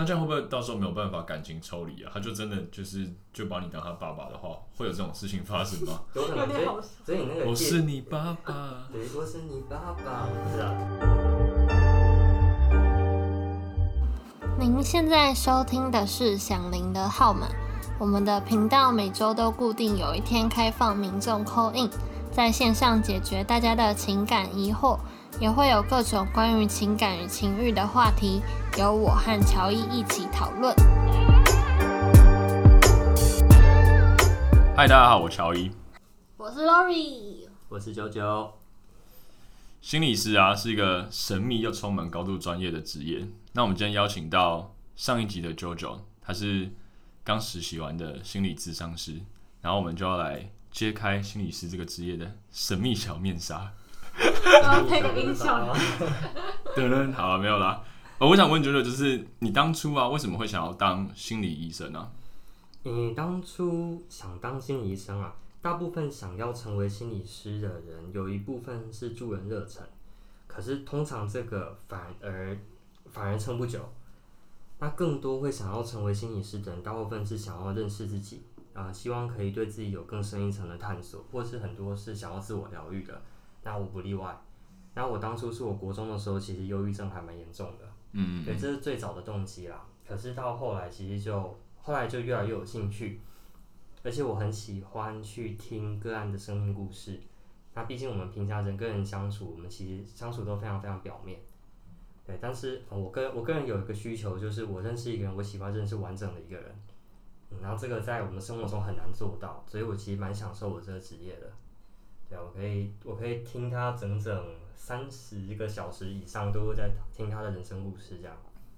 那這樣會不會到時候沒有辦法感情抽離啊？他就真的就是就把你當他爸爸的話，會有這種事情發生嗎？我是你爸爸，對，我是你爸爸。您現在收聽的是響鈴的號碼。我們的頻道每周都固定有一天開放民眾 call in，在線上解決大家的情感疑惑。也會有各種關於情感與情欲的話題，由我和喬伊一起討論。嗨，大家好，我喬伊，我是 Lori，我是 JoJo jo。是 jo jo 心理師啊，是一個神秘又充滿高度專業的職業。那我們今天邀請到上一集的 JoJo，他 jo, 是剛實習完的心理諮商師，然後我們就要來揭開心理師這個職業的神秘小面紗。 配個音 啊，雄了。好了，沒有了、哦。我想問啾啾就是你當初啊，為什麼會想要當心理醫生呢、啊？你當初想當心理醫生啊，大部分想要成為心理師的人，有一部分是助人熱忱，可是通常這個反而反而撐不久。那更多會想要成為心理師的人，大部分是想要認識自己啊、呃，希望可以對自己有更深一層的探索，或是很多是想要自我療癒的。那我不例外。那我當初是，我國中的時候，其實憂鬱症還蠻嚴重的。嗯，嗯，對，這是最早的動機啦。可是到後來，其實就後來就越來越有興趣，而且我很喜歡去聽個案的生命故事。那畢竟我們平常人跟人相處，我們其實相處都非常非常表面。對，但是我個我個人有一個需求，就是我認識一個人，我喜歡認識完整的一個人。嗯，然後這個在我們生活中很難做到，所以我其實蠻享受我這個職業的。對，我可以，我可以聽他整整三十個小時以上，都在聽他的人生故事，這樣。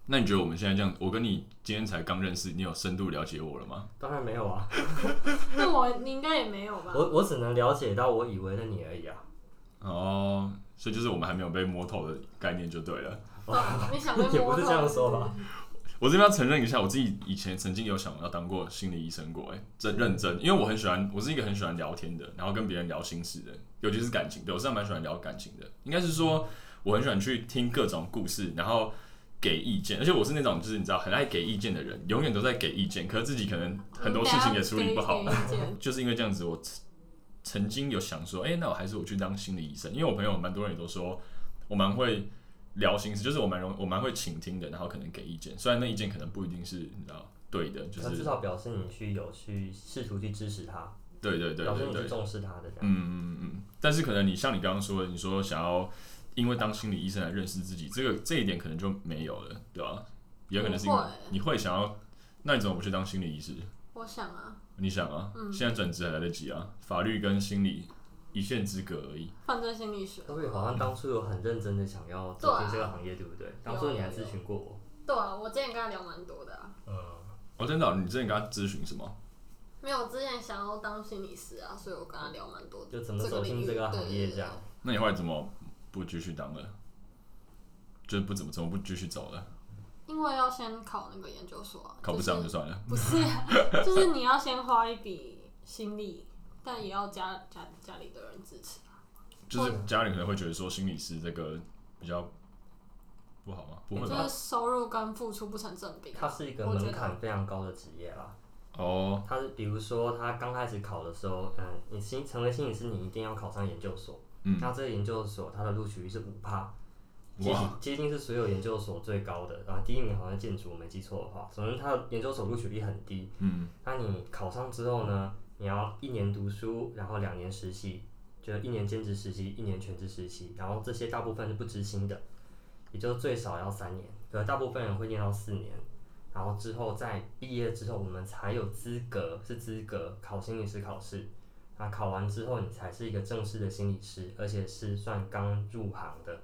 那你覺得我們現在這樣，我跟你今天才剛認識，你有深度了解我了嗎？當然沒有啊， 那我你應該也沒有吧。我我只能了解到我以為的你而已啊。哦，所以就是我們還沒有被摸透的概念就對了。哦哇，沒想到也不是這樣說吧。 我這邊要承認一下，我自己以前曾經有想要當過心理醫生過、欸，誒，這認真，因為我很喜歡，我是一個很喜歡聊天的，然後跟別人聊心事的，尤其是感情，對我是蠻喜歡聊感情的。應該是說我很喜歡去聽各種故事，然後給意見，而且我是那種就是你知道很愛給意見的人，永遠都在給意見，可是自己可能很多事情也處理不好， 就是因為這樣子，我曾，曾經有想說，哎、欸，那我還是我去當心理醫生，因為我朋友蠻多人也都說，我蠻會。聊心事，就是我蠻容，我蠻會傾聽的，然後可能給意見，雖然那意見可能不一定是你知道對的，就是至少表示你去有去試圖去支持他，對對對對,對,對你重視他的嗯，嗯嗯嗯嗯。但是可能你像你剛剛說的，你說想要因為當心理醫生來認識自己，這個這一點可能就沒有了，對吧？也可能是你會,你會想要，那你怎麼不去當心理醫師？我想啊，你想啊，嗯、現在轉職還來得及啊，法律跟心理。一線之隔而已。犯罪心理學。所以好像當初有很認真的想要走進這個行業，嗯、對不對？對啊、當初你還諮詢過我。對啊，我之前跟他聊蠻多的、啊。嗯、呃，喔，真的，你之前跟他諮詢什麼？沒有，我之前想要當心理師啊，所以我跟他聊蠻多的。就怎麼走進這個行業這樣？對對對對。那你後來怎麼不繼續當了？就是不怎麼，怎麼不繼續走了？因為要先考那個研究所啊，考不上就算了。就是、不是、啊， 就是你要先花一筆心力。但也要家家家裡的人支持，就是家人可能會覺得說心理師這個比較不好嘛，我覺得收入跟付出不成正比，啊。它是一個門檻非常高的職業啦。哦、嗯，它是比如說他剛開始考的時候，嗯，你心成為心理師，你一定要考上研究所。嗯，那這個研究所它的錄取率是五趴，接接近是所有研究所最高的。然後第一名好像建築，我沒記錯的話，總之它的研究所錄取率很低。嗯，那你考上之後呢？你要一年讀書，然後兩年實習，就是一年兼職實習，一年全職實習，然後這些大部分是不支薪的，也就最少要三年，可能大部分人會念到四年，然後之後在畢業之後，我們才有資格是資格考心理師考試，啊，考完之後你才是一個正式的心理師，而且是算剛入行的，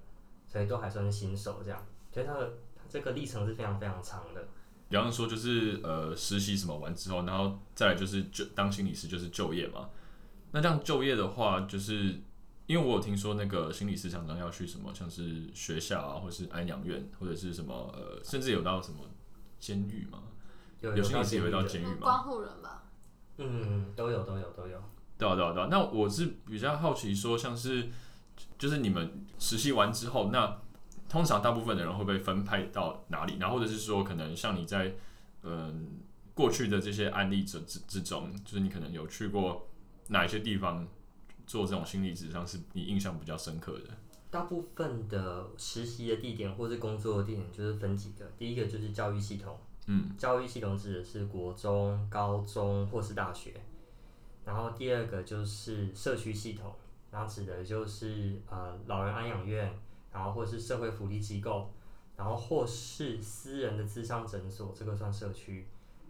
所以都還算是新手這樣，所以他的這個歷程是非常非常長的。比方說，就是呃，實習什麼完之後，然後再來就是就當心理師就是就業嘛。那這樣就業的話，就是因為我有聽說那個心理師常常要去什麼，像是學校啊，或者是安養院，或者是什麼呃，甚至有到什麼監獄嘛。有，有，有心理師有到監獄嗎？嗎嗯，都有都有都有。都有對啊，對啊，對啊，那我是比較好奇說，說像是就是你們實習完之後那。通常大部分的人會被分派到哪裡？然後或者是說，可能像你在嗯過去的這些案例之之之中，就是你可能有去過哪一些地方做這種心理治療，是你印象比較深刻的。大部分的實習的地點或是工作的地點就是分幾個，第一個就是教育系統，嗯，教育系統指的是國中、高中或是大學。然後第二個就是社區系統，然後指的就是呃老人安養院。然後或是社會福利機構，然後或是私人的諮商診所，這個算社區。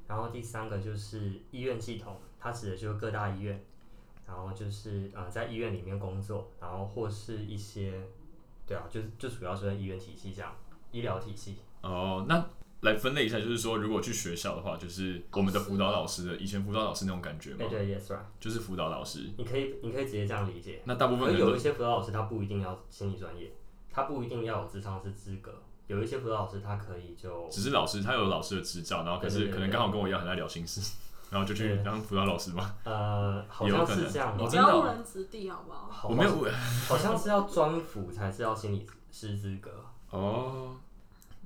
然後第三個就是醫院系統，它指的就是各大醫院。然後就是嗯、呃，在醫院裡面工作，然後或是一些，對啊，就就主要是在醫院體系這樣，醫療體系。哦，那來分類一下，就是說如果去學校的話，就是我們的輔導老師的，是嗎？以前輔導老師那種感覺嗎？對,對，yes right，就是輔導老師。你可以你可以直接這樣理解。那大部分，而有一些輔導老師他不一定要心理專業。他不一定要有諮商師資格，有一些輔導老師他可以就只是老師，他有老師的執照，然後可是可能剛好跟我一樣，很愛聊心事，對對對對 然後就去當輔導老師嘛？呃，好像是這樣，要誤人子弟好不好？好像我沒有好像是要專輔才是要心理師資格 哦。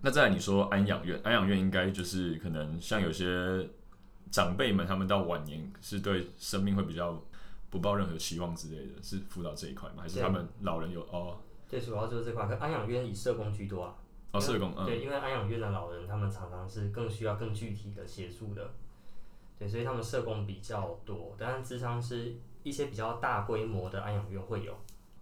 那再來你說安養院，安養院應該就是可能像有些長輩們，他們到晚年是對生命會比較不抱任何期望之類的，是輔導這一塊嗎？還是他們老人有對哦？最主要就是這塊，可安養院以社工居多啊。哦，對社工。嗯、對，因為安養院的老人，他們常常是更需要更具體的協助的。對，所以他們社工比較多。當然，諮商是一些比較大規模的安養院會有。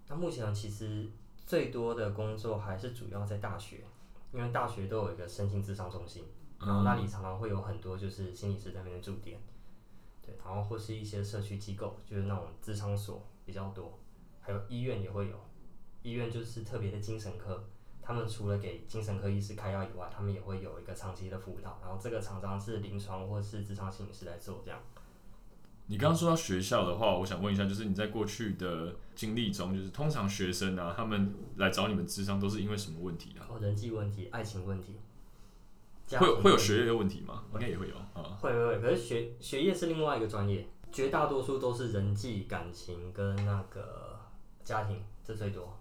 那目前其實最多的工作還是主要在大學，因為大學都有一個身心諮商中心，嗯、然後那裡常常會有很多就是心理師在那邊的駐點。對，然後或是一些社區機構，就是那種諮商所比較多，還有醫院也會有。醫院就是特別的精神科，他們除了給精神科醫師開藥以外，他們也會有一個長期的輔導，然後這個常常是臨床或是諮商心理師來做。這樣。你剛剛說到學校的話，我想問一下，就是你在過去的經歷中，就是通常學生呢、啊，他們來找你們諮商都是因為什麼問題啊？哦、人際問題、愛情問題，問題會會有學業的問題嗎？應該對、okay, 也會有啊。會會會，可是學學業是另外一個專業，絕大多數都是人際感情跟那個家庭，這最多。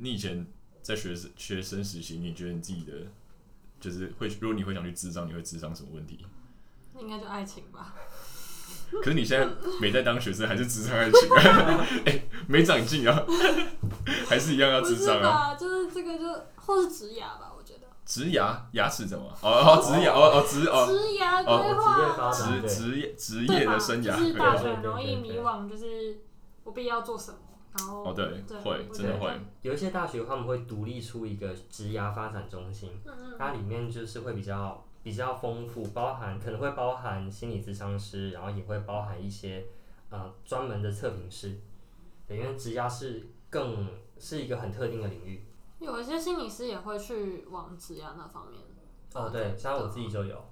你以前在學生學生時期，你覺得你自己的就是會，如果你會想去諮商，你會諮商什麼問題？那應該就愛情吧。可是你現在沒在當學生，還是諮商愛情？哎、 欸，沒長進啊，還是一樣要諮商啊？就是這個就，就或是職涯吧，我覺得。職涯牙齒怎麼？哦、oh, 哦、oh,，職涯哦哦職哦職涯職職業職業的職業的生涯，就是大學容易迷惘，就是不必要做什麼。哦，oh, 對，對，會，真的會。有一些大學，他們會獨立出一個職涯發展中心，嗯嗯，它裡面就是會比較比較豐富，包含可能會包含心理諮詢師，然後也會包含一些呃專門的測評師。對，因為職涯是更是一個很特定的領域。有一些心理師也會去往職涯那方面。哦，對，像我自己就有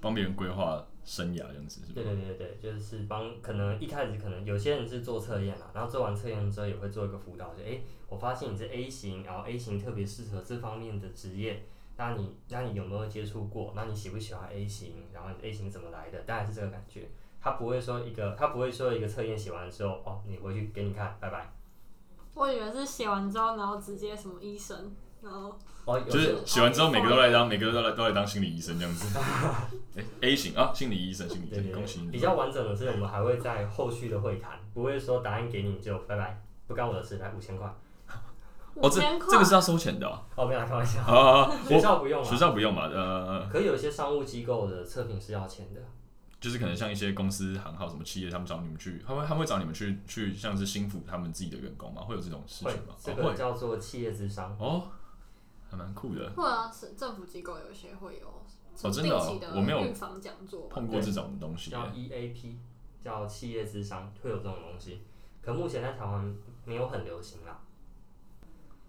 幫別人規劃生涯這樣子是不是？對對對對，就是幫可能一開始可能有些人是做測驗啦，然後做完測驗之後也會做一個輔導，就誒、欸，我發現你是 A 型，然後 A 型特別適合這方面的職業，那你那你有沒有接觸過？那你喜不喜歡 A 型？然後 A 型怎麼來的？當然是這個感覺，他不會說一個他不會說一個測驗寫完之後哦、喔，你回去給你看，拜拜。我以為是寫完之後然後直接什麼醫生。哦，就是洗完之後，每個都來當，每個都來都來當心理醫生這樣子。哎，A 型啊，心理醫生，心理醫生，恭喜，比較完整的，所以我們還會在後續的會談，不會說答案給你就拜拜，不干我的事，來五千塊。哦，五千塊，這個是要收錢的。我沒有開玩笑啊，學校不用，學校不用嘛。呃，可以有一些商務機構的測評是要錢的，就是可能像一些公司、行號、什麼企業，他們找你們去，他會他會找你們去去，像是心服他們自己的員工嘛，會有這種事情嗎？這個叫做企業諮商哦。還蠻酷的，會啊，政府機構有些會有哦，真的、哦，我沒有碰過這種東西，叫 EAP，叫企業諮商，會有這種東西，可目前在台灣沒有很流行啊。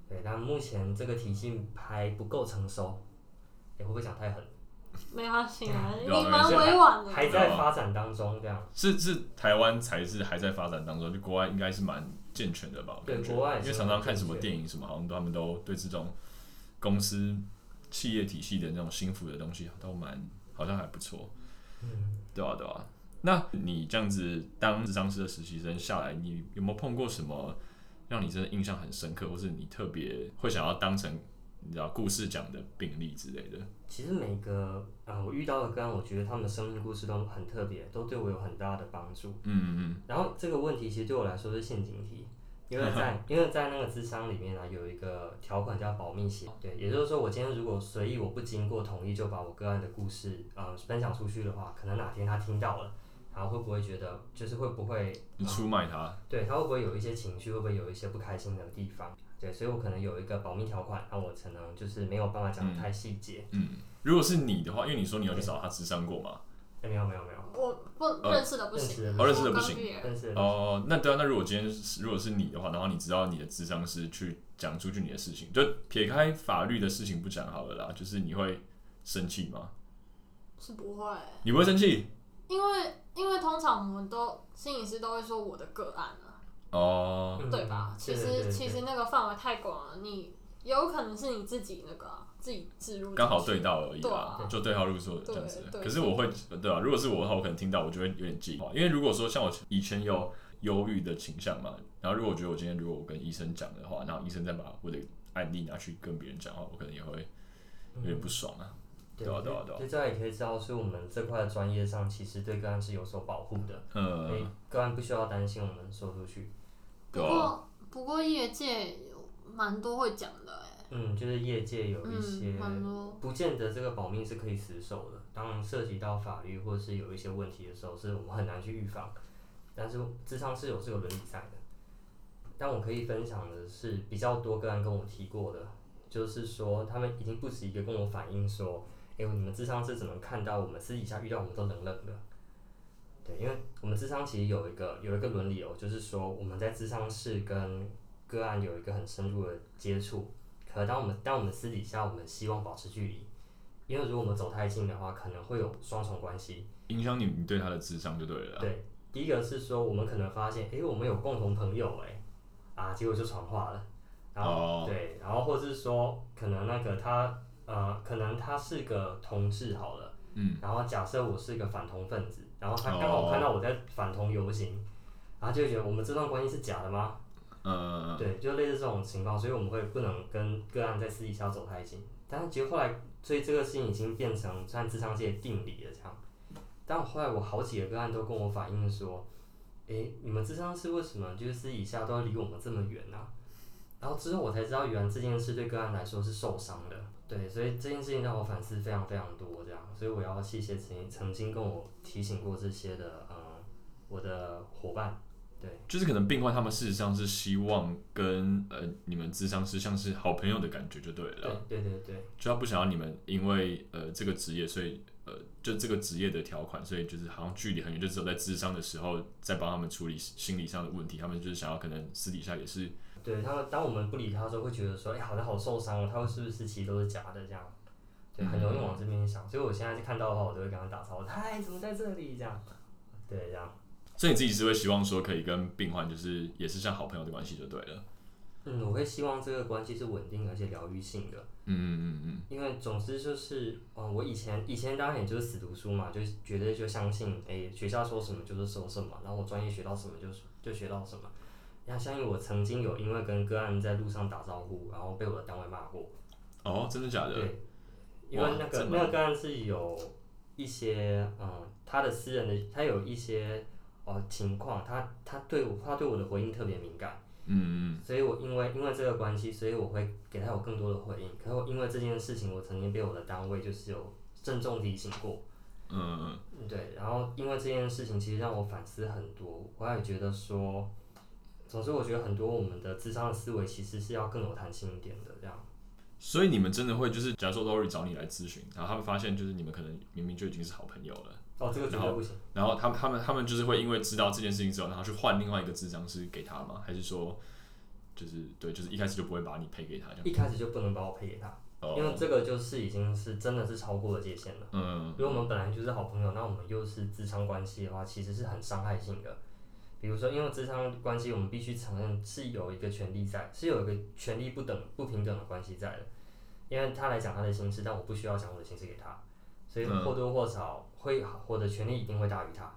對，但目前這個體系還不夠成熟，你、欸、會不會講太狠？沒關係啊，嗯、你蠻委婉的，還在發展當中，這樣、啊、是是台灣才是還在發展當中，就國外應該是蠻健全的吧？對國外，因為常常看什麼電影什麼，好像他們都對這種。公司企業體系的那種心服的東西都蠻好像還不錯，嗯，對啊、對啊。那你這樣子當張時的實習生下來，你有沒有碰過什麼讓你真的印象很深刻，或是你特別會想要當成你知道故事講的病例之類的？其實每個啊、呃、我遇到的，個案，我覺得他們的生命故事都很特別，都對我有很大的幫助。嗯嗯嗯。然後這個問題其實對我來說是陷阱題。 因為在因為在那個諮商裡面呢、啊，有一個條款叫保密協議，對，也就是說我今天如果隨意我不經過同意就把我個案的故事，嗯、呃，分享出去的話，可能哪天他聽到了，然後會不會覺得就是會不會你出賣他？對他會不會有一些情緒？會不會有一些不開心的地方？對，所以我可能有一個保密條款，那我可能就是沒有辦法講得太細節、嗯。嗯，如果是你的話，因為你說你有去找他諮商過嘛？沒有沒有沒有，沒有我不認識的不行，不、呃哦、認識的不行。哦、呃，那對啊，那如果今天是如果是你的話，然後你知道你的諮商師去講出去你的事情，就撇開法律的事情不講好了啦，就是你會生氣嗎？是不會，你不會生氣，因為因為通常我們都心理師都會說我的個案了、啊，哦，對吧？其實對對對對其實那個範圍太廣了，你。有可能是你自己那個自己自入，剛好對到而已吧，對啊，對就對號入座這樣子。可是我會對啊，如果是我的話，我可能聽到我就會有點忌諱，因為如果說像我以前有憂鬱的傾向嘛，然後如果我覺得我今天如果我跟醫生講的話，然後醫生再把我的案例拿去跟別人講的話，我可能也會有點不爽啊。對啊對啊對啊，對啊對啊對啊就這樣也可以知道，是我們這塊專業上其實對個案是有所保護的，嗯，個案不需要擔心我們說出去。對啊，嗯，不過不過業界。蠻多會講的，欸、嗯，就是業界有一些，不見得這個保密是、嗯，是可以死守的。當然，涉及到法律或者是有一些問題的時候，是我們很難去預防。但是諮商，是有這個倫理在的。但我可以分享的是，比較多個案跟我提過的，就是說他們已經不止一個跟我反映說：“哎、欸、呦，你們諮商是怎麼看到我們私底下遇到，我們都冷冷的？”對，因為我們諮商其實有一個有一個倫理哦，就是說我們在諮商室跟個案有一個很深入的接觸，可當我們當我們的私底下我們希望保持距離，因為如果我們走太近的話，可能會有雙重關係，影響你你對他的諮商就對了。對，第一個是說我們可能發現，哎、欸，我們有共同朋友、欸，哎，啊，結果就傳話了。然後、oh. 對，然後或者是說，可能那個他，呃，可能他是個同志好了。嗯。然後假設我是一個反同分子，然後他剛好看到我在反同遊行，然後、oh. 啊、就覺得我們這段關係是假的嗎？嗯嗯嗯，oh, oh, oh. 對，就類似這種情況，所以我們會不能跟個案在私底下走太近。但是其實後來，所以這個事情已經變成算諮商界定理了這樣。但我後來我好幾個個案都跟我反映說：“誒、欸，你們諮商師為什麼就是私底下都要離我們這麼遠呢、啊？”然後之後我才知道，原來這件事對個案來說是受傷的。對，所以這件事情讓我反思非常非常多這樣。所以我要謝謝曾經曾經跟我提醒過這些的，嗯，我的夥伴。就是可能病患他們事實上是希望跟呃你們諮商是像是好朋友的感覺就對了，對對對對，就他不想要你們因為呃這個職業，所以呃就這個職業的條款，所以就是好像距離很遠，就只有在諮商的時候再幫他們處理心理上的問題，他們就是想要可能私底下也是對，對他們當我們不理他的時候，會覺得說哎、欸、好像好受傷了，哦，他會是不是其實都是假的這樣，對，很容易往這邊想，嗯、所以我現在看到的話，我就會跟他打招呼，哎怎麼在這裡這樣，對這樣。所以你自己是會希望說可以跟病患就是也是像好朋友的關係就對了？嗯，我會希望這個關係是穩定而且療癒性的。嗯嗯嗯，因為總之就是，嗯、呃，我以前以前當然也就是死讀書嘛，就絕對就相信，誒、欸，學校說什麼就是說什麼，然後我專業學到什麼就是就學到什麼。那相信我曾經有因為跟個案在路上打招呼，然後被我的單位罵過。哦，真的假的？對，因為那個哇那個個案是有，一些嗯麼、呃，他的私人的他有一些。哦、呃，情況，他他對我他對我的回應特別敏感，嗯嗯，所以我因為因為這個關係，所以我會給他有更多的回應。可是我因為這件事情，我曾經被我的單位就是有鄭重提醒過，嗯嗯，對。然後因為這件事情，其實讓我反思很多，我也覺得說，總之我覺得很多我們的諮商的思維其實是要更有彈性一點的這樣。所以你們真的會就是，假如說 Lori 找你來諮詢，然後他會發現就是你們可能明明就已經是好朋友了。哦這個絕對不行。然後，然後他他們他們就是會因為知道這件事情之後，然後去換另外一個諮商師給他嗎？還是說，就是對，就是一開始就不會把你配給他？這樣一開始就不能把我配給他，哦、因為這個就是已經是真的是超過了界限了。嗯,嗯，如果我們本來就是好朋友，那我們又是諮商關係的話，其實是很傷害性的。比如說，因為諮商關係，我們必須承認是有一個權力在，是有一個權力不等不平等的關係在的。因為他來講他的心事，但我不需要講我的心事給他，所以或多或少。嗯會或者權力一定會大於他，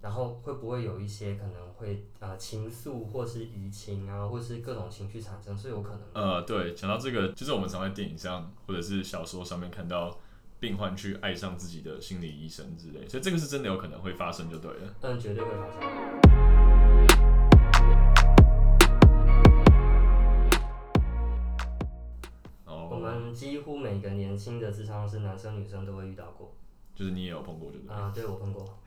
然後會不會有一些可能會呃情愫，或是移情啊，或是各種情緒產生，是有可能。呃、嗯，對，講到這個，就是我們常在電影上或者是小說上面看到病患去愛上自己的心理醫生之類，所以這個是真的有可能會發生，就對了。但、嗯、絕對會發生。後我們幾乎每個年輕的諮商是男生女生都會遇到過。就是你也有碰過對，對不、uh, 對？啊，對，我碰過。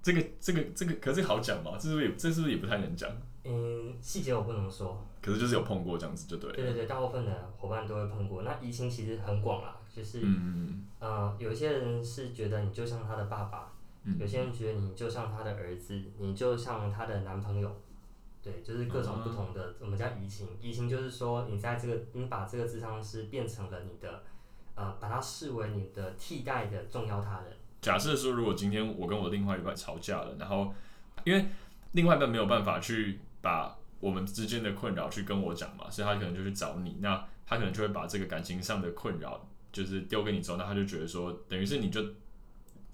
這個、這個、這個，可是好講嗎？這是不是也？這是不是也不太能講？嗯，細節我不能說。可是就是有碰過這樣子，就對。對對對，大部分的夥伴都會碰過。那移情其實很廣啊，就是嗯，嗯，嗯呃，有些人是覺得你就像他的爸爸，嗯嗯，有些人覺得你就像他的兒子，你就像他的男朋友，對，就是各種不同的。嗯啊、我們叫移情。移情就是說，你在這個，你把這個諮商師變成了你的。呃、把它視為你的替代的重要他人。假設說，如果今天我跟我另外一半吵架了，然後因為另外一半沒有辦法去把我們之間的困擾去跟我講嘛，所以他可能就去找你。嗯、那他可能就會把這個感情上的困擾就是丟給你之、嗯、後，那他就覺得說，得說、得說、嗯、等於是你就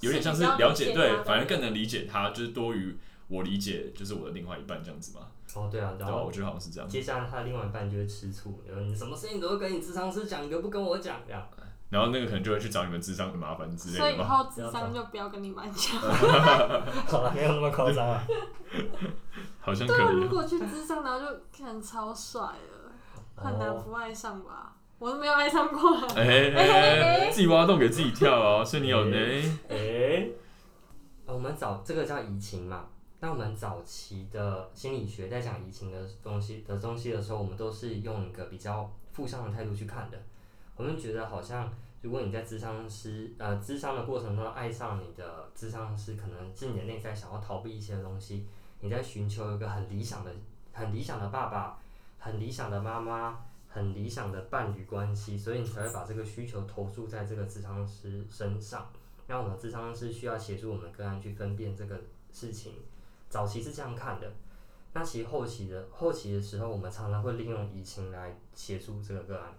有點像是了解，是你剛剛，你對，反正更能理解他，就是多於我理解就是我的另外一半這樣子嘛。哦，對啊，然後對啊，我覺得好像是這樣。接下來他的另外一半就會吃醋，你、嗯、你什麼事情都會跟你諮商師講，你都不跟我講呀。然後那個可能就會去找你們諮商的麻煩之類的，所以以後諮商就不要跟你蠻講了，長得 沒有那麼誇張啊， 好像可。如果去諮商，然後就可能超帥了，很難、哦、不愛上吧？我都沒有愛上過。哎哎哎，欸欸、自己挖洞給自己跳哦。欸、所以你有呢？哎、欸欸呃，我們早這個叫移情嘛？那我們早期的心理學在講移情的東西的東西的時候，我們都是用一個比較負向的態度去看的。我們覺得好像，如果你在諮商師呃諮商的過程中愛上你的諮商師，可能是你內在想要逃避一些東西，你在尋求一個很理想的、很理想的爸爸、很理想的媽媽、很理想的伴侶關係，所以你才會把這個需求投注在這個諮商師身上。那我們諮商師需要協助我們個案去分辨這個事情。早期是這樣看的，那其實後期的後期的時候，我們常常會利用移情來協助這個個案。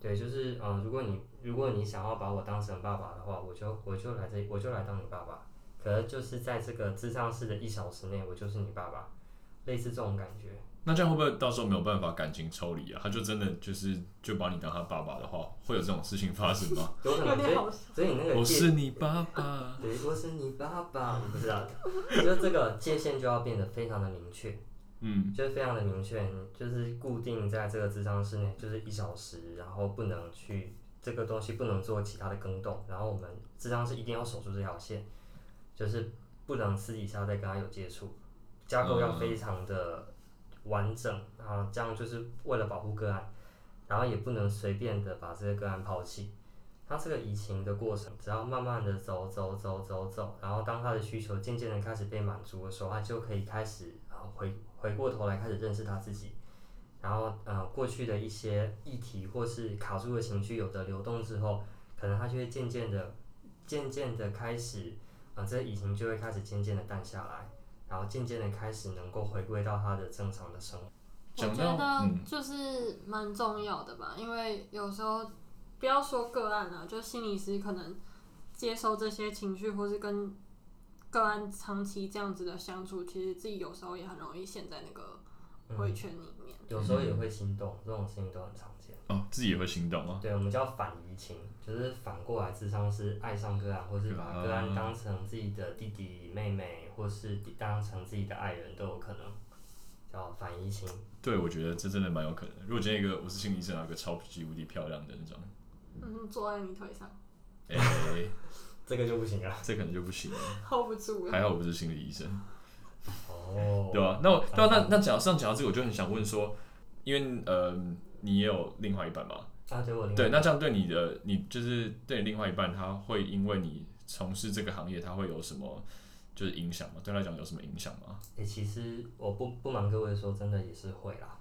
對，就是嗯，如果你如果你想要把我當成爸爸的話，我就我就來這，我就來當你爸爸。可能就是在這個諮商室的一小時內，我就是你爸爸，類似這種感覺。那這樣會不會到時候沒有辦法感情抽離啊？他就真的就是就把你當他爸爸的話，會有這種事情發生嗎？ 有可能，所以所以你那個 我是你爸爸， 對，我是你爸爸，我不知道的，就這個界限就要變得非常的明確。嗯，就是非常的明確，就是固定在這個諮商室內，就是一小時，然後不能去這個東西，不能做其他的更動。然後我們諮商室一定要守住這條線，就是不能私底下再跟他有接觸，架構要非常的完整啊，哦、然後這樣就是為了保護個案，然後也不能隨便的把這個個案拋棄。他這個移情的過程，只要慢慢的走走走走走，然後當他的需求漸漸的開始被滿足的時候，他就可以開始。回回過頭來開始認識他自己，然後呃，過去的一些議題或是卡住的情緒，有的流動之後，可能他就會漸漸的、漸漸的開始，啊、呃，這疫情就會開始漸漸的淡下來，然後漸漸的開始能夠回歸到他的正常的生活。我覺得就是蠻重要的吧，嗯、因為有時候不要說個案了、啊，就心理師可能接受這些情緒，或是跟。個案長期這樣子的相處，其實自己有時候也很容易陷在那個迴圈裡面，嗯，有時候也會心動，嗯，這種事情都很常見。哦，自己也會心動啊？對，我們叫反移情，就是反過來，諮商是愛上個案，或是把個案當成自己的弟弟妹妹，或者是當成自己的愛人，都有可能叫反移情。對，我覺得這真的蠻有可能。如果今天一個我是心理醫生、啊，一個超級無敵漂亮的那種，嗯，坐在你腿上，欸欸欸這個就不行了，這可能就不行了，hold 不住。 還好我不是心理醫生，哦， oh, 對吧、啊？那我，啊、那那那講這樣講到這，我就很想問說，因為呃，你也有另外一半嗎、啊？對我對那這樣對你的你就是對你另外一半，他會因為你從事這個行業，他會有什麼就是影響嗎？對他來講有什麼影響嗎？誒、欸，其實我不不瞞各位說，真的也是會啦，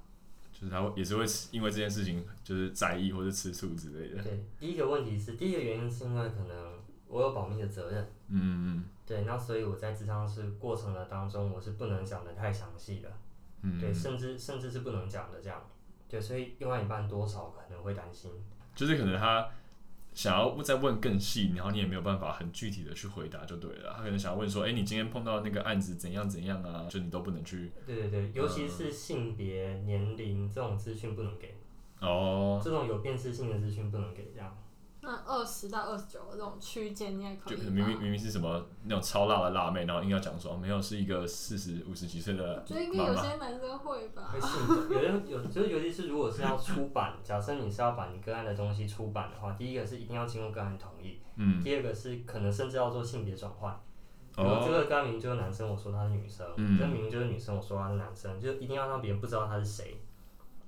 就是他會也是會因為這件事情就是在意或者吃醋之類的。對，第一個問題是，第一個原因是因為可能。我有保密的責任，嗯嗯，對，那所以我在諮商師過程的當中，我是不能講的太詳細的，嗯、對，甚至甚至是不能講的這樣，對，所以另外一半多少可能會擔心，就是可能他想要再問更細，然後你也沒有辦法很具體的去回答就對了，他可能想要問說，誒、欸，你今天碰到那個案子怎樣怎樣啊，就你都不能去，對對對，尤其是性別、嗯、年齡這種資訊不能給，哦，oh. 這種有辨識性的資訊不能給這樣。那二十到二十九這種區間，你也可以。就明明明明是什麼那種超辣的辣妹，然後硬要講說、啊、沒有，是一個四十五十幾歲的媽媽。就應該有些男生會吧。會信的，有些有，就是尤其是如果是要出版， 假設你是要把你個案的東西出版的話，第一個是一定要經過個案同意，嗯、第二個是可能甚至要做性別轉換。哦、嗯。這個明明就是男生，我說他是女生，嗯、但明明就是女生，我說他是男生，就一定要讓別人不知道他是誰。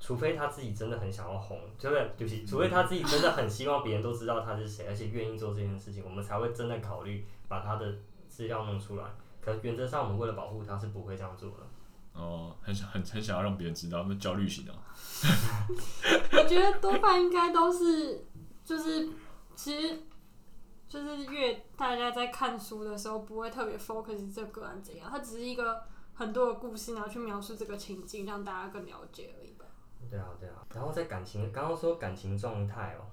除非他自己真的很想要紅，對不對？就是、mm hmm. 除非他自己真的很希望別人都知道他是誰，mm hmm. 而且願意做這件事情， 我們才會真的考慮把他的資料弄出來。可原則上，我們為了保護他是不會這樣做的。哦、oh,，很想很很想要讓別人知道，那焦慮型的、啊。我 覺得多半應該都是，就是其實就是越大家在看書的時候，不會特別 focus 這個案怎樣，它只是一個很多的故事，然後去描述這個情境，讓大家更了解而已吧。對啊，對啊，然後在感情，剛剛說感情狀態哦，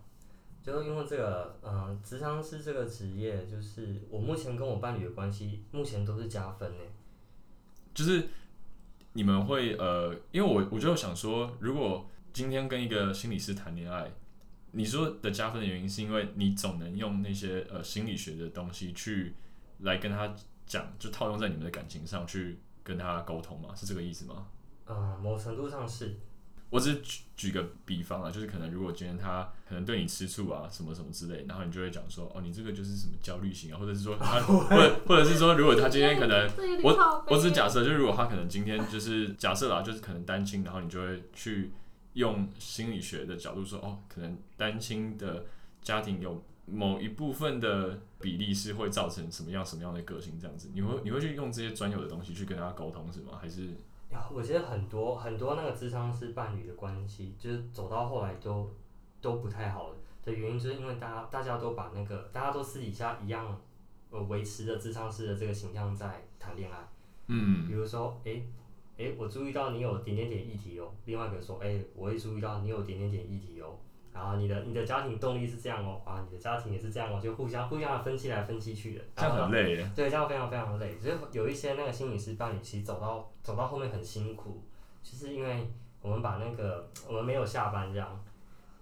就是因為這個，嗯、呃，諮商師這個職業，就是我目前跟我伴侶的關係，目前都是加分呢。就是你們會呃，因為我我就想說，如果今天跟一個心理師談戀愛，你說的加分的原因，是因為你總能用那些呃心理學的東西去來跟他講，就套用在你們的感情上去跟他溝通嘛，是這個意思嗎？呃，某程度上是。我只是舉舉個比方啊，就是可能如果今天他可能對你吃醋啊，什麼什麼之類，然後你就會講說，哦，你這個就是什麼焦慮型啊，或者是說他，oh, what? 或者或者是說如果他今天可能，我我只是假設，就如果他可能今天就是假設啦，就是可能單親，然後你就會去用心理學的角度說，哦，可能單親的家庭有某一部分的比例是會造成什麼樣什麼樣的個性這樣子，你會你會去用這些專有的東西去跟他溝通是嗎？還是？我覺得很多很多那個諮商師伴侶的關係，就是走到後來都都不太好了的原因，就是因為大家大家都把那個大家都私底下一樣維、呃、持着諮商師的這個形象在談戀愛。嗯。比如說，哎、欸、誒、欸、我注意到你有點點點議題哦。另外比如說，哎、欸，我也注意到你有點點點議題哦。然後你的你的家庭動力是這樣哦，啊，你的家庭也是這樣哦，就互相互相分析來分析去的，啊，這樣很累耶。對，這樣非常非常累。所以有一些那個心理師幫你，其實走到走到後面很辛苦，就是因為我們把那個我們沒有下班這樣。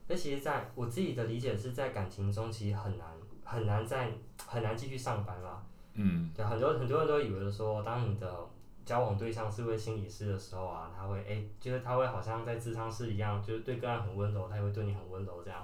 那其實在我自己的理解，是在感情中其實很難很難再，很難繼續上班了。嗯。就很多很多人都以為說，當你的。交往對象是位心理師的時候啊，他會誒、欸，就是他會好像在諮商室一樣，就是對個案很溫柔，他也會對你很溫柔這樣。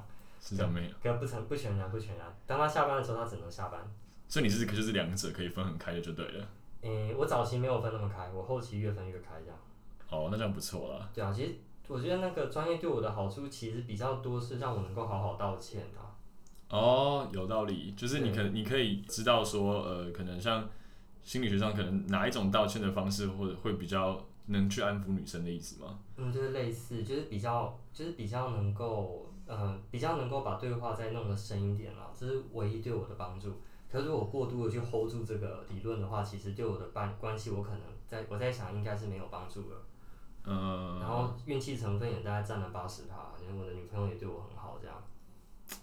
是這樣沒有？跟不成不全然不全然。當他下班的時候，他只能下班。所以你是可就是兩者可以分很開的就對了。嗯、欸，我早期沒有分那麼開，我後期越分越開這樣。哦，那這樣不錯了。對啊，其實我覺得那個專業對我的好處其實比較多，是讓我能夠好好道歉的哦，有道理，就是你可對你可以知道說，呃，可能像。心理學上可能哪一種道歉的方式，或者會比較能去安撫女生的意思嗎？嗯，就是類似，就是比較，就是比較能夠，嗯、呃，比較能夠把對話再弄得深一點啦，這是唯一對我的幫助。可是我過度的去 hold 住這個理論的話，其實對我的伴關係我可能在我在想應該是沒有幫助了。嗯，然後運氣成分也大概占了八十趴，因為我的女朋友也對我很好，這樣。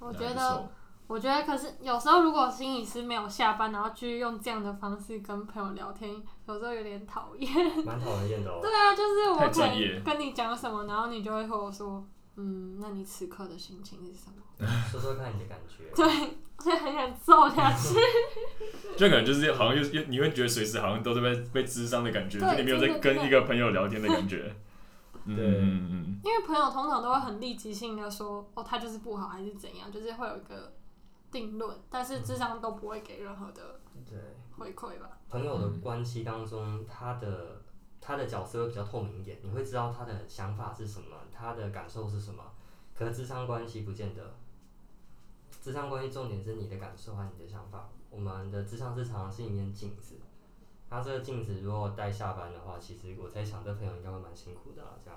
我覺得。我覺得，可是有時候如果心理師沒有下班，然後繼續用這樣的方式跟朋友聊天，有時候有點討厭。蠻討厭的哦。對啊，就是我可能跟你講什麼，然後你就會和我說：“嗯，那你此刻的心情是什麼？說說看你的感覺。”對，所以很想揍下去。 就感覺就是好像就是你會覺得隨時好像都是被被諮商的感覺，對就你沒有在跟一個朋友聊天的感覺。對，嗯嗯。對因為朋友通常都會很立即性的說：“哦，他就是不好，還是怎樣？”就是會有一個。定論，但是諮商都不會給任何的回饋吧、嗯對。朋友的關係當中，他的他的角色會比較透明一點，你會知道他的想法是什麼，他的感受是什麼。可是諮商關係不見得，諮商關係重點是你的感受和你的想法。我們的諮商是常常是一面鏡子，那、啊、這個鏡子如果帶下班的話，其實我在想，這朋友應該會蠻辛苦的、啊。這樣，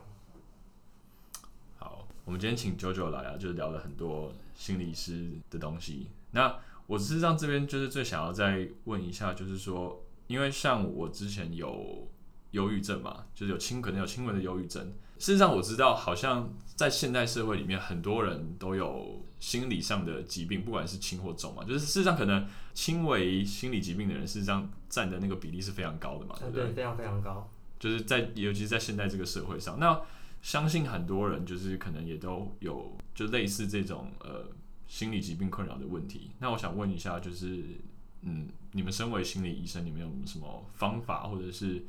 好。我們今天請啾啾來啊，就是聊了很多心理師的東西。那我事實上這邊就是最想要再問一下，就是說，因為像我之前有憂鬱症嘛，就是有輕，可能有輕微的憂鬱症。事實上，我知道好像在現代社會裡面，很多人都有心理上的疾病，不管是輕或重嘛。就是事實上，可能輕微心理疾病的人，事實上占的那個比例是非常高的嘛，對，對非常非常高。就是在，尤其是在現代這個社會上，那。相信很多人就是可能也都有就類似這種呃，心理疾病困擾的問題。那我想問一下，就是嗯，你們身為心理醫生，你們有什麼方法，或者是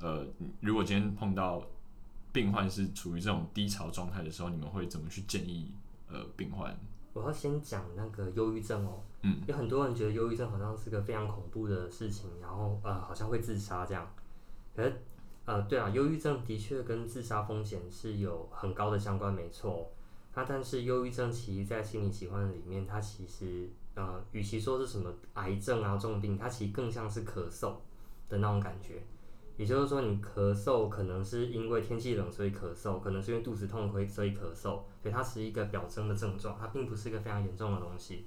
呃，如果今天碰到病患是處於這種低潮狀態的時候，你們會怎麼去建議呃，病患？我要先講那個憂鬱症哦，嗯，有很多人覺得憂鬱症好像是個非常恐怖的事情，然後呃，好像會自殺這樣，可是呃，對啊，憂鬱症的確跟自殺風險是有很高的相關，沒錯。那、啊、但是憂鬱症其實，在心理疾患裡面，它其實呃，與其說是什麼癌症啊、重病，它其實更像是咳嗽的那種感覺。也就是說，你咳嗽可能是因為天氣冷所以咳嗽，可能是因為肚子痛會所以咳嗽，所以它是一個表徵的症狀，它並不是一個非常嚴重的東西。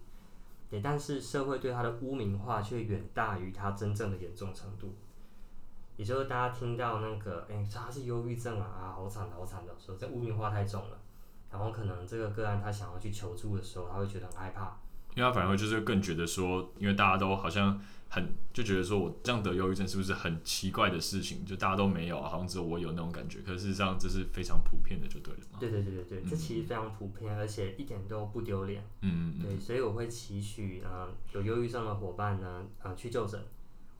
對，但是社會對它的污名化卻遠大於它真正的嚴重程度。也就是大家聽到那個，哎、欸，他是憂鬱症啊，好慘好慘的，說這污名化太重了，然後可能這個個案他想要去求助的時候，他會覺得很害怕，因為他反而會就是更覺得說，因為大家都好像很就覺得說我這樣得憂鬱症是不是很奇怪的事情，就大家都沒有，好像只有我有那種感覺，可事實上這是非常普遍的，就對了嘛。對對對對對，這、嗯、其實非常普遍，而且一點都不丟臉。嗯，嗯嗯，對，所以我會期許啊、呃，有憂鬱症的夥伴呢，啊、呃，去就診。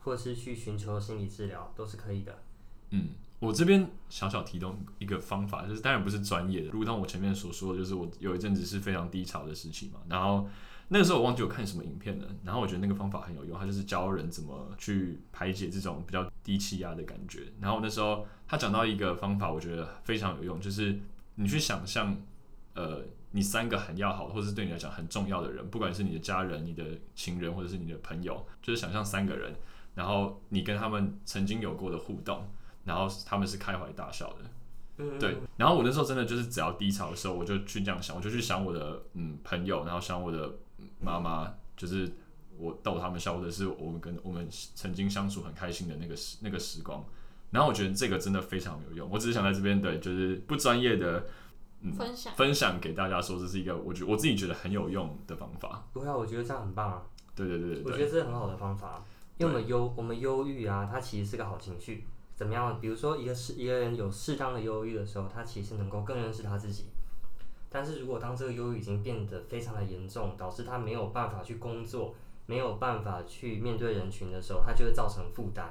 或是去尋求心理治療都是可以的。嗯，我這邊小小提到一個方法，就是當然不是專業的。如同我前面所說，就是我有一陣子是非常低潮的時期嘛，然後那個時候我忘記我看什麼影片了，然後我覺得那個方法很有用，它就是教人怎麼去排解這種比較低氣壓的感覺。然後那時候他講到一個方法，我覺得非常有用，就是你去想象，呃，你三個很要好，或者是對你來講很重要的人，不管是你的家人、你的情人或者是你的朋友，就是想象三個人。然後你跟他們曾經有過的互動，然後他們是開懷大笑的，對，對，對，對，對。然後我那時候真的就是，只要低潮的時候，我就去這樣想，我就去想我的嗯朋友，然後想我的、嗯、媽媽，就是我逗他們笑，或者是我們跟我們曾經相處很開心的那個時那個時光。然後我覺得這個真的非常有用，我只是想在這邊對，就是不專業的嗯分享分享給大家說，這是一個我覺得我自己覺得很有用的方法。不會啊，我覺得這樣很棒啊！對對，對對對，我覺得這是很好的方法。因為我們憂我們憂鬱啊，它其實是個好情緒，怎麼樣？比如說一個是一個人有適當的憂鬱的時候，他其實能夠更認識他自己。但是如果當這個憂鬱已經變得非常的嚴重，導致他沒有辦法去工作，沒有辦法去面對人群的時候，他就會造成負擔。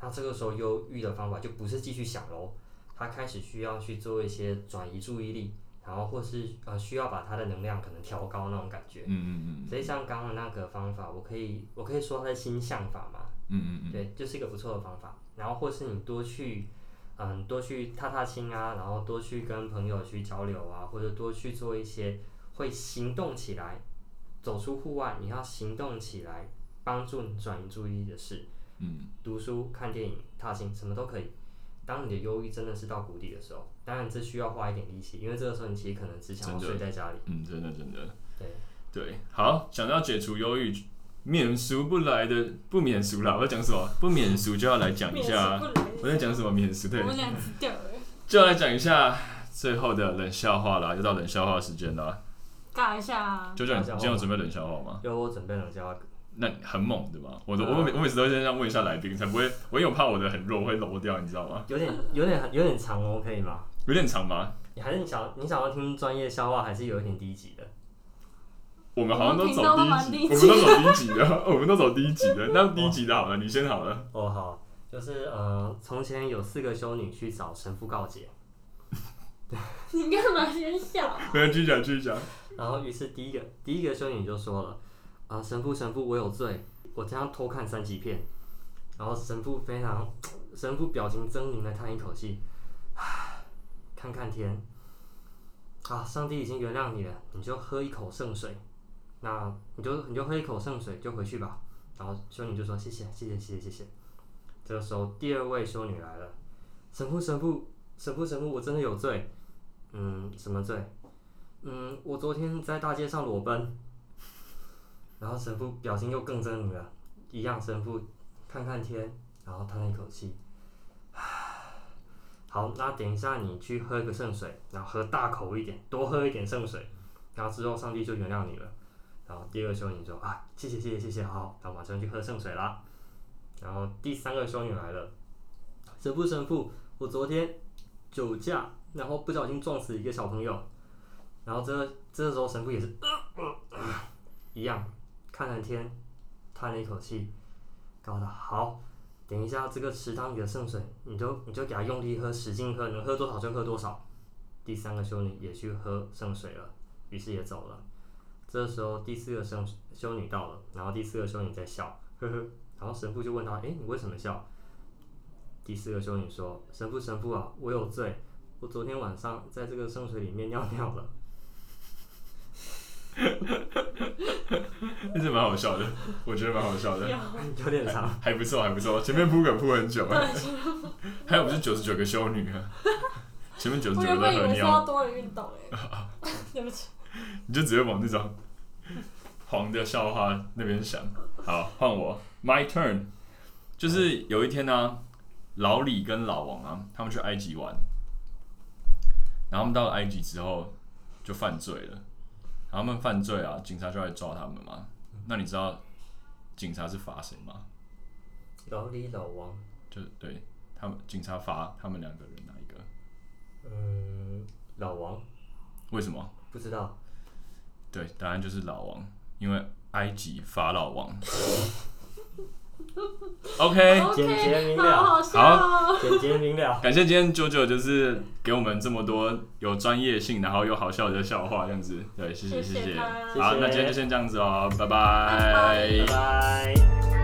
那這個時候憂鬱的方法就不是繼續想嘍、哦，他開始需要去做一些轉移注意力。然後或是呃需要把他的能量可能調高那種感覺，嗯所嗯以、嗯、像剛剛的那個方法，我可以我可以說他的心象法嘛，嗯嗯嗯對，這、就是一個不錯的方法。然後或是你多去嗯多去踏踏青啊，然後多去跟朋友去交流啊，或者多去做一些會行動起來，走出戶外，你要行動起來幫助你轉移注意力的事，嗯，嗯，讀書、看電影、踏青，什麼都可以。當你的憂鬱真的是到谷底的時候。當然，這需要花一點力氣，因為這個時候你其實可能只想睡在家裡。嗯，真的，真的。對對，好，想要解除憂鬱，免俗不來的，不免俗了。我要講什麼？不免俗就要來講一下。 我在講什麼？免俗的。對 就要來講一下最後的冷笑話啦，又到冷笑話時間啦。尬一下啊！啾啾，你今天有準備冷笑話嗎？有，我準備冷笑話。那很猛對吧？我都我每、啊、我每次都先這樣問一下來賓，才不會我有怕我的很弱會漏掉，你知道嗎？ 有點，有點，有點長哦、喔，可以嗎？有點長嗎？你還是你想你想要聽專業笑話，還是有一點低級的？我們好像都走低級我 我，我們都走低級的，我們都走低級的。那低級的，好了，你先好了。哦，好，就是呃，從前有四個修女去找神父告解。 你幹嘛先笑？不要繼續講，繼續講。然後，於是第一個第一個修女就說了啊、呃，神父，神父，我有罪，我經常偷看三級片。然後神父非常神父表情猙獰的嘆一口氣。 看看天，啊！上帝已經原諒你了，你就喝一口聖水。那你就你就喝一口聖水就回去吧。然後修女就說：“謝謝，謝謝，謝謝，謝謝。”這個時候，第二位修女來了：“神父，神父，神父，神父，我真的有罪。嗯，什麼罪？嗯，我昨天在大街上裸奔。”然後神父表情又更猙獰了，一樣。神父看看天，然後嘆了一口氣。好，那等一下你去喝一個聖水，然後喝大口一點，多喝一點聖水，然後之後上帝就原諒你了。然後第二個修女說：“啊，謝謝謝謝謝謝，好，好。”然後馬上去喝聖水啦。然後第三個修女來了，神父神父，我昨天酒駕，然後不小心撞死一個小朋友，然後這這時候神父也是，呃呃呃、一樣看看天，嘆了一口氣，告訴他好。等一下，這個池塘裡的聖水，你就你就給它用力喝，使勁喝，能喝多少就喝多少。第三個修女也去喝聖水了，於是也走了。這時候第四個聖修女到了，然後第四個修女在笑，呵呵。然後神父就問他：“哎，你為什麼笑？”第四個修女說：“神父神父啊，我有罪，我昨天晚上在這個聖水裡面尿尿了。” 一 是蠻好笑的，我覺得蠻好笑的，有點長，還不錯，還不錯，前面鋪梗鋪很久，欸， 還有不是九十九個修女，啊、 前面九十九個喝尿，多的運動，欸、 你就只會往那種黃的笑話那邊想，好，換我，My turn， 就是有一天呢，啊，老李跟老王啊，他們去埃及玩，然後他們到了埃及之後就犯罪了。他們犯罪啊，警察就來抓他們嘛。那你知道警察是罰誰嗎？老李、老王。就對，他們警察罰他們兩個人哪一個？呃、嗯，老王。為什麼？不知道。對，答案就是老王，因為埃及法老王。 OK，簡潔明了，好，簡潔明了。感謝今天啾啾就是給我們這麼多有專業性，然後又好笑的笑話，這樣子。對，謝謝，謝謝。謝謝好，那今天就先這樣子哦，拜拜，拜拜。